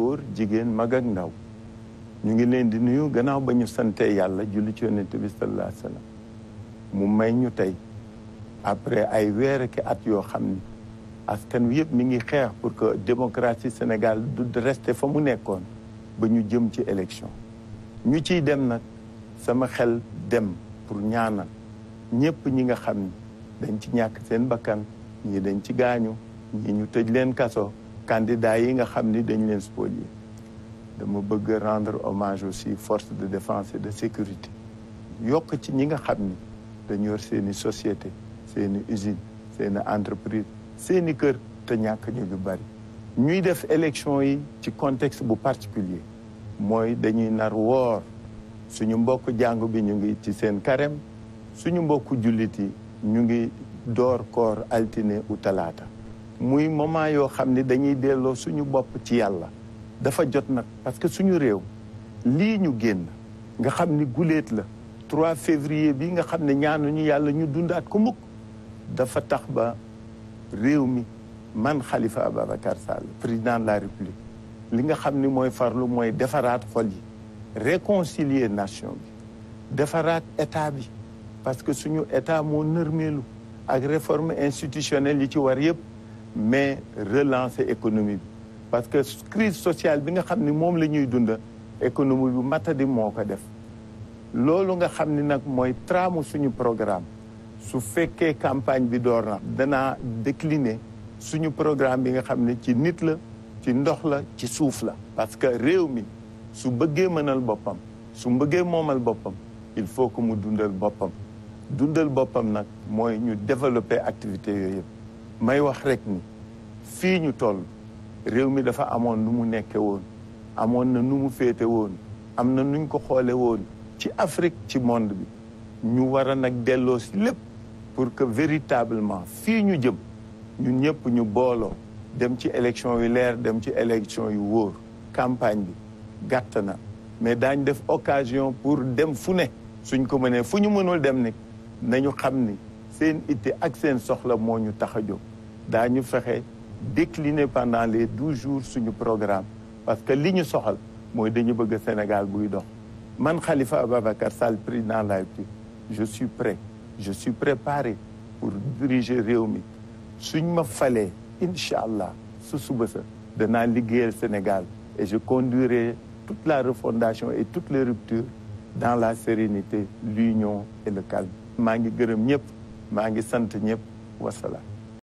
góor jigéen mag ndaw ñu ngi leen di nuyu gannaaw ba ñu sante yàlla julli ci yonent bi sallallahu alayhi mu may ñu tey après ay weer ak at yoo xam ni askan wi yëpp mi ngi xeex pour que démocratie Sénégal du rester fa mu nekkoon ba ñu jëm ci élection ñu ciy dem nag sama xel dem pour ñaanal ñëpp ñi nga xam ni dañ ci ñàkk seen bakkan ñi dañ ci gaañu ñii ñu tëj leen kaso candidat yi nga xam ni dañ leen spolié dama bëgg rendre hommage aussi force de défense et de sécurité yokk ci ñi nga xam ni dañu yor seen i société seeni i seeni entreprise seen i kër te ñàkk ñu bari ñuy def élection yi ci contexte bu particulier mooy dañuy nar woor suñu mbokk jàngu bi ñu ngi ci seen carême suñu mbokk jullit yi ñu ngi door koor altine u talaata muy moment yoo xam ni dañuy delloo suñu bopp ci yàlla dafa jot nag parce que suñu réew lii ñu génn nga xam ni guléet la trois février bi nga xam ne ñaanuñu yàlla ñu dundaat ko mukk dafa tax ba réew mi man xalifa Ababacar Sall président la République li nga xam ni mooy farlu mooy defaraat xol yi réconcilier nation bi defaraat état bi parce que suñu état moo nërmeelu ak réforme institutionnelle yi ci war yëpp mais relancer économie bi parce que crise sociale bi nga xam ni moom la ñuy dunda économie bu di moo ko def loolu nga xam ni nag mooy traamu suñu programme su fekkee campagne bi door na danaa décliner suñu programme bi nga xam ne ci nit la ci ndox la ci suuf la parce que réew mi su bëggee mënal boppam su bëggee moomal boppam il faut que mu dundal boppam dundal boppam nag mooy ñu développer activité yooyu yëpp may wax rek ni fii ñu toll réew mi dafa amoon nu mu nekke woon amoon na nu mu féete woon am na nuñ ko xoole woon ci Afrique ci monde bi ñu war a nag delloo si lépp pour que véritablement fii ñu jëm ñun ñëpp ñu booloo dem ci élection yu leer dem ci élection yu wóor campagne bi gàtt na mais daañ def occasion pour dem fu ne suñ ko mënee fu ñu mënul dem ni nañu xam ni seen itte ak seen soxla moo ñu tax a jóg daa ñu fexe décliner pendant les douze jours suñu programme parce que li ñu soxal mooy dañu bëgg Sénégal buy dox man Khalifa Ababacar Sall président la République je suis prêt je suis préparé pour diriger réew mi suñ ma falee incha allah su suba sa danaa liggéeyal Sénégal et je conduirai toute la refondation et toutes les ruptures dans la sérénité l'union et le calme maa ngi gërëm ñëpp maa ngi sant ñëpp wasalaam